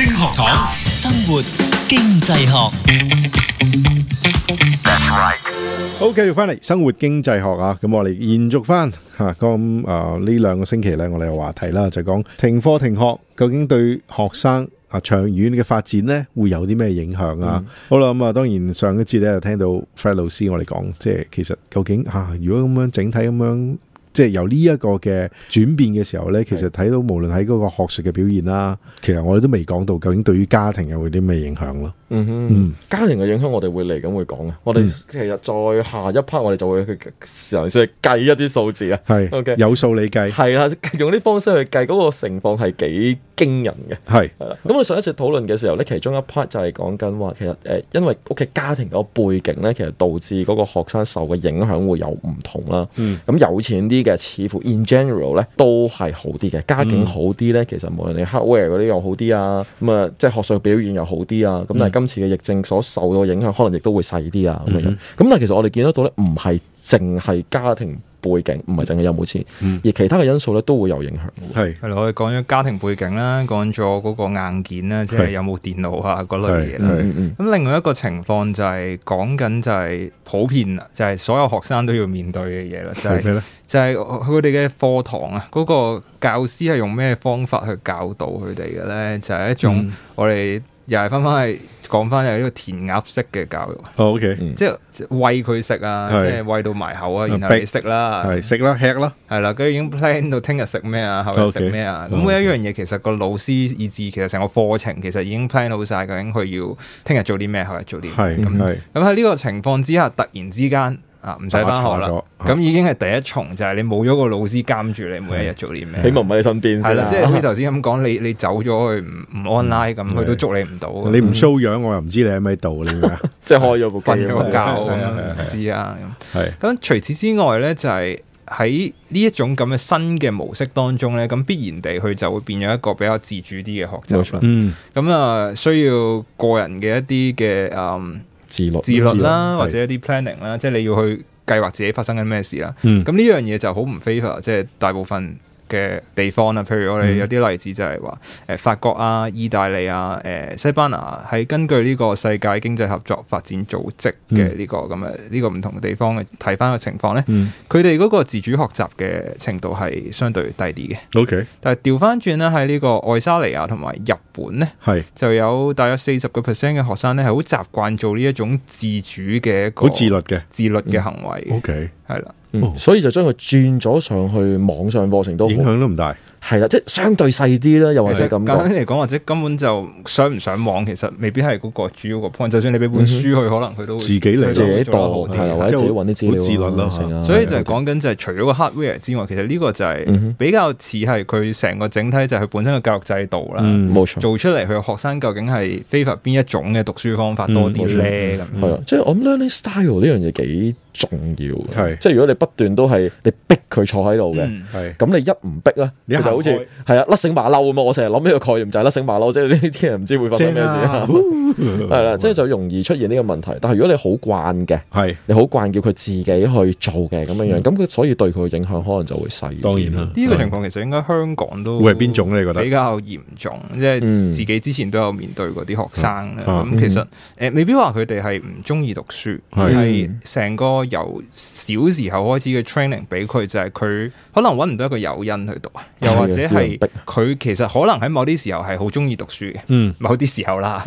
學生活經濟學，好繼續翻嚟生活經濟學啊！咁我哋延續翻吓咁啊呢兩、啊、個星期呢，我哋嘅話題啦，就講停課停學究竟對學生啊長遠嘅發展呢會有啲咩影響啊？嗯、好啦，咁啊，當然上一次呢，就聽到 Fred 老師我哋講，即係其實究竟吓、啊、如果咁樣整體咁樣。即係由呢一個嘅轉變嘅時候咧，其實睇到無論喺嗰個學術嘅表現啦，其實我哋都未講到究竟對於家庭有冇啲咩影響咯。嗯哼，家庭嘅影響我哋會嚟咁會講嘅。嗯、我哋其實再下一 part，我哋就會嘗試計一啲數字啊。係，OK，有數你計。係啦，用啲方式去計嗰個情況係幾。驚人嘅，係是，咁我上一次討論嘅時候呢，其中一 part 就係講緊話，其實誒，因為屋企家庭嗰個背景呢，其實導致嗰個學生受嘅影響會有唔同啦。咁、嗯、有錢啲嘅，似乎 in general 呢都係好啲嘅，家境好啲呢，其實無論你 hardware 嗰啲又好啲啊，咁啊，即係學術表現又好啲啊，咁但係今次嘅疫症所受到嘅影響，可能亦都會細啲啊咁樣。咁、嗯嗯、但係其實我哋見得到呢，唔係淨係家庭。背景唔係淨係有冇錢，而其他嘅因素咧都會有影響，係，係是我哋講咗家庭背景啦，講咗嗰個硬件啦，即係有冇電腦啊嗰類嘢啦。咁另外一個情況就係講緊就係普遍就係、是、所有學生都要面對嘅嘢咯。就係、是、就係佢哋嘅課堂啊，嗰、那個教師係用咩方法去教導佢哋嘅咧？就係、是、一種、嗯、我哋又係翻翻係。講翻係呢個填鴨式嘅教育，OK，即係餵佢食啊，是即係餵到埋口啊，然後你食啦，食啦，吃啦，係啦，佢已經 plan 到聽日食咩啊，後日食咩啊，咁 Okay, okay. 每一樣嘢其實個老師以至其實成個課程其實已經 plan 好晒究竟佢要聽日做啲咩，後日做啲，咁咁喺呢個情況之下，突然之間。啊，唔使翻學啦，咁已經係第一重，就係你冇咗個老師監住你，每一日做啲咩，起碼唔喺你身邊。係啦，即係頭先咁講，你你走咗去唔唔 online 咁，佢都捉你唔到。你唔 s h 我又唔知你喺咪度。你啊，即係開咗部瞓咗個覺，唔知啊。咁，除此之外咧，就係喺呢一種咁嘅新嘅模式當中咧，咁必然地佢就會變咗一個比較自主啲嘅學習。咁啊，需要個人嘅一啲嘅嗯。自律啦，律或者一啲 planning 啦是，即係你要去計劃自己發生緊咩事啦。咁呢、嗯、樣嘢就好唔 favor，即係大部分。嘅地方啊，譬如我哋有啲例子就係話，誒、呃，法國啊、意大利啊、誒、呃，西班牙係根據呢個世界經濟合作發展組織嘅呢個咁嘅呢個唔同嘅地方嘅睇翻個情況咧，佢哋嗰個自主學習嘅程度係相對低啲嘅。O Okay . K，但係調翻轉咧，喺呢個愛沙尼亞同埋日本咧，係是就有大約四十個 percent 嘅學生咧，係好習慣做呢一種自主嘅，一個好自律嘅自律嘅行為。O K。嗯 okay. 係啦、嗯，所以就將佢轉咗上去，網上課程都影響都唔大。係啦，即係相對細啲啦，又或者咁。簡單嚟講，或者根本就上唔上網，其實未必係嗰個主要個 point。就算你俾本書佢，可能佢都自己嚟自己代學啲，或者自己搵啲資料，自律咯，所以就係講緊，就係除咗個 hardware 之外，其實呢個就係比較似係佢成個整體，就係佢本身嘅教育制度啦。冇錯。做出嚟佢學生究竟係 favor 邊一種嘅讀書方法多啲咧？咁即係我 learning style 呢樣嘢幾重要，即係如果你不斷都係你逼佢坐喺度嘅，係咁你一唔逼啦。好似係啊甩繩馬騮咁啊！我成日諗呢個概念就係甩繩馬騮，即係呢啲人唔知會發生咩事，係啦，即係就容易出現呢個問題。但係如果你好慣嘅，係你好慣叫佢自己去做嘅咁樣樣，咁佢所以對佢嘅影響可能就會細。當然啦，呢個情況其實應該香港都會係邊種你覺得比較嚴重？即係自己之前都有面對過啲學生咧，咁其實誒，未必話佢哋係唔中意讀書，係成個由小時候開始嘅 training 俾佢，就係佢可能搵唔到一個誘因去讀啊，或者係佢其實可能喺某啲時候係好中意讀書嘅，嗯、某啲時候啦，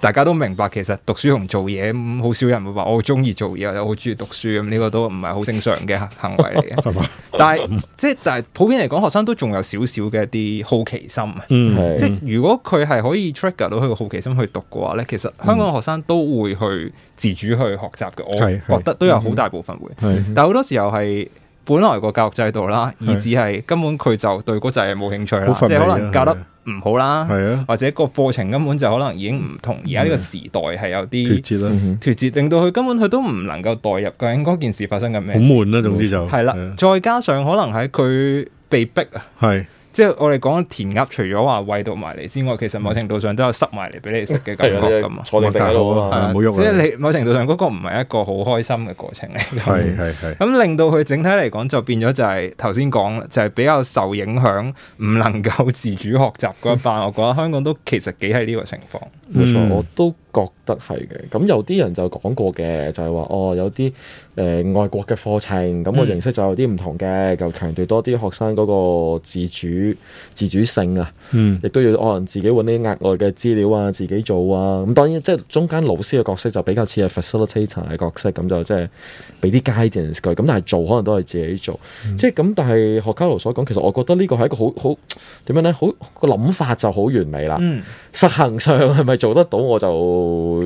大家都明白其實讀書同做嘢，好少人會話我中意做嘢，又我中意讀書咁，呢、呢個都唔係好正常嘅行為嚟嘅。但係即係，但係普遍嚟講，學生都仲有少少嘅啲好奇心。嗯嗯、即係如果佢係可以 trigger 到佢個好奇心去讀嘅話咧，其實香港學生都會去自主去學習嘅。我覺得都有好大部分會，嗯嗯、但係好多時候係。.本來個教育制度啦，以至係根本佢就對嗰陣係冇興趣啦，啊、即係可能教得唔好啦，的或者個課程根本就可能已經唔同而家呢個時代係有啲脫節啦，脫節、嗯、哼令到佢根本佢都唔能夠代入究竟嗰件事發生緊咩，好悶啦總之就係啦，再加上可能喺佢被逼啊，係。即係我哋講填鴨，除咗話喂到埋嚟之外，其實某程度上都有塞埋嚟俾你食嘅感覺咁 啊,你坐定定好用即係你某程度上嗰個唔係一個好開心嘅過程嚟，係係係，咁、嗯嗯、令到佢整體嚟講就變咗就係頭先講就係、係、比較受影響，唔能夠自主學習嗰一班， 我覺得香港都其實幾係呢個情況。冇錯，mm hmm. 我都覺得係嘅。咁有啲人就講過嘅，就係、是、話哦，有啲誒、呃、外國嘅課程咁嘅形式就有啲唔同嘅，mm hmm. 就強調多啲學生嗰個自主自主性啊。亦都、mm hmm. 要可能自己揾啲額外嘅資料啊，自己做啊。咁當然即係中間老師嘅角色就比較似係 facilitator 嘅角色，咁就即係俾啲 guidance 佢。咁但係做可能都係自己做，mm hmm. 即係咁。但係學卡羅所講，其實我覺得呢個係一個好好點樣咧？好個諗法就好完美啦。嗯、mm，hmm. 實行上係咪？是做得到，我就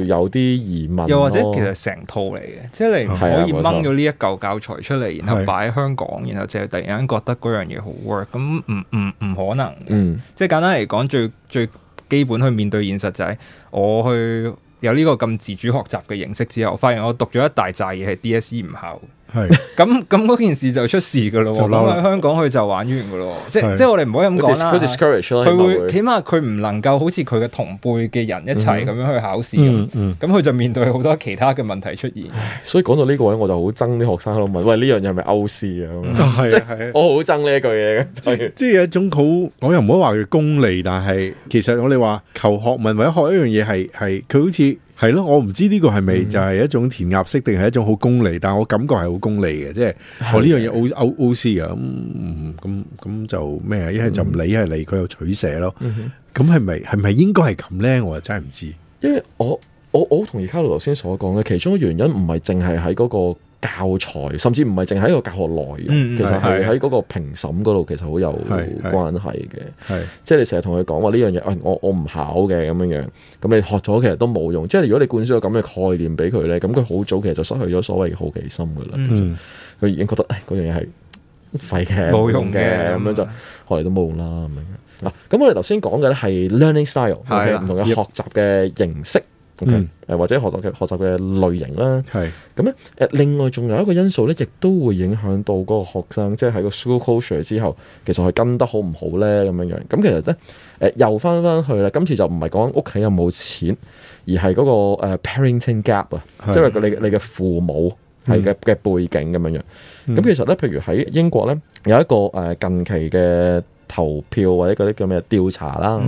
有啲疑問，又或者其實成套嚟嘅。嗯、即係你唔可以掹咗呢一舊教材出嚟，嗯、然後擺喺香港，的然後就突然間覺得嗰樣嘢好 work，咁唔唔唔可能。嗯，即係簡單嚟講，最最基本去面對現實就係我去有呢個咁自主學習嘅形式之後發現我讀咗一大扎嘢係 DSE 唔考。係咁咁嗰件事就出事噶咯，咁喺香港佢就玩完噶咯，即係即係我哋唔可以咁講啦。佢會起碼佢唔能夠好似佢嘅同輩嘅人一齊咁樣去考試，咁佢就面對好多其他嘅問題出現。所以講到呢個位，我就好憎啲學生咯，問喂，呢樣嘢係咪歐事啊？即係我好憎呢一句嘢嘅，即係有一種好我又唔可以話佢功利，但係其實我哋話求學問或者學一樣嘢係係佢好似。係咯， 我唔知呢個係咪就係一種填鴨式，定係一種好功利？但係我感覺係好功利嘅，即係我呢樣嘢 O O C 啊、嗯！咁咁咁就咩啊？一係就唔理，一係理佢又取捨咯。咁係咪係咪應該係咁咧？我真係唔知。因為我我我好同意卡洛先所講嘅，其中嘅原因唔係淨係喺嗰個。教材甚至唔係淨係一個教學內容，其實佢喺嗰個評審嗰度其實好有關係嘅。係即係你成日同佢講話呢樣嘢，我我唔考嘅咁樣樣，咁你學咗其實都冇用。即係如果你灌輸咗咁嘅概念俾佢咧，咁佢好早其實就失去咗所謂嘅好奇心噶啦。其實，佢已經覺得嗰樣嘢係廢嘅冇用嘅，咁樣就學嚟都冇用啦。咁樣嗱，咁我哋頭先講嘅咧係 learning style，唔同嘅學習嘅形式。Okay, 嗯，或者學習嘅學習嘅類型啦，係咁咧誒。另外仲有一個因素咧，亦都會影響到嗰個學生，即係喺個 school culture 之後，其實佢跟得好唔好咧咁樣樣。咁其實咧誒、呃，又返返去咧，今次就唔係講屋企有冇錢，而係嗰、嗰個、uh, parenting gap 啊係，即係你你嘅父母係嘅嘅背景咁樣樣。咁、嗯、其實咧，譬如喺英國咧有一個誒、呃、近期嘅投票或者嗰啲叫咩調查啦，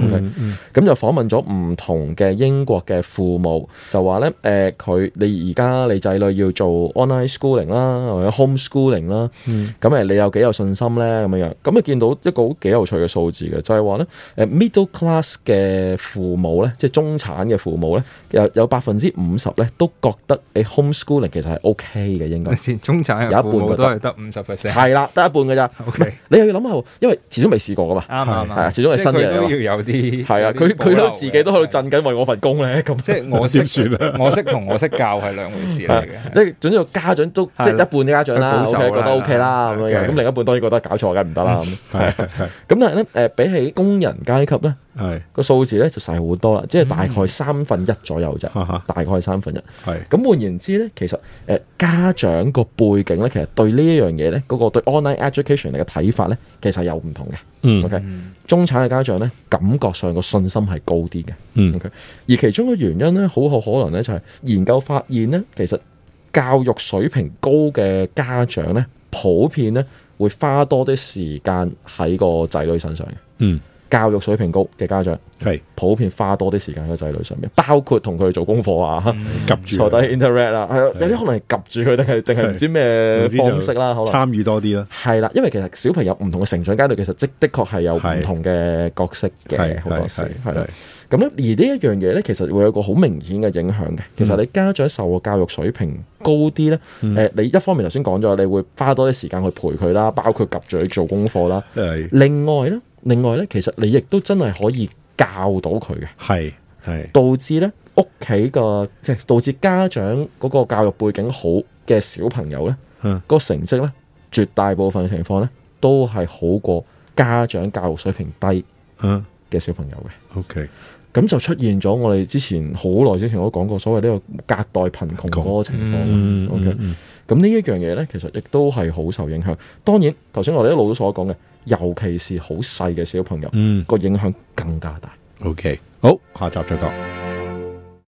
咁就訪問咗唔同嘅英國嘅父母，就話咧誒佢你而家你仔女要做 online schooling 啦，或者 home schooling 啦，咁誒、嗯、你有幾有信心咧咁樣樣，咁啊見到一個幾有趣嘅數字嘅就係話咧誒 middle class 嘅父母咧，即係中產嘅父母咧，有有百分之五十咧都覺得誒 home schooling 其實係 OK 嘅應該先，中產有一半都係得五十 percent，係啦，得一半嘅咋？OK 你又要諗下，因為始終未試過噶嘛？啱啊係啊，始終係新嘅都要有啲。係啊，佢佢都自己都喺度振緊，為我份工咧。咁即係我點算啊？我識同我識教係兩回事嚟嘅。即係總之，家長都即係一半嘅家長啦，覺得 OK 啦咁樣嘅。咁另一半當然覺得搞錯，梗唔得啦。係係。咁但係咧，誒，比起工人階級咧。係個數字咧就細好多啦，即係、嗯、大概三分一左右啫，啊、哈大概三分一。係咁換言之咧，其實誒家長個背景咧，其實對呢一樣嘢咧，嗰、嗰個對 online education 嚟嘅睇法咧，其實有唔同嘅。OK，中產嘅家長咧，感覺上個信心係高啲嘅。嗯、OK，而其中嘅原因咧，好好可能咧就係研究發現咧，其實教育水平高嘅家長咧，普遍咧會花多啲時間喺個仔女身上嘅。嗯。嗯教育水平高嘅家長，係普遍花多啲時間喺仔女上面，包括同佢做功課啊，及住坐低 interact 啦，係有啲可能係及住佢，定係定係唔知咩方式啦，可能參與多啲咯。係啦，因為其實小朋友唔同嘅成長階段，其實的確係有唔同嘅角色嘅好多時，係啦。咁而呢一樣嘢咧，其實會有個好明顯嘅影響嘅。其實你家長受個教育水平高啲咧，誒，你一方面頭先講咗，你會花多啲時間去陪佢啦，包括及住去做功課啦。另外咧。另外咧，其實你亦都真係可以教到佢嘅，係係導致咧屋企個即係導致家長嗰個教育背景好嘅小朋友咧，啊、個成績咧絕大部分嘅情況咧都係好過家長教育水平低嘅小朋友嘅。OK，咁就出現咗我哋之前好耐之前我都講過所謂呢個隔代貧窮嗰個情況。OK，咁呢一樣嘢咧，其實亦都係好受影響。當然頭先我哋一路都所講嘅。尤其是好細嘅小朋友，嗯、個影響更加大。OK，好，下集再講。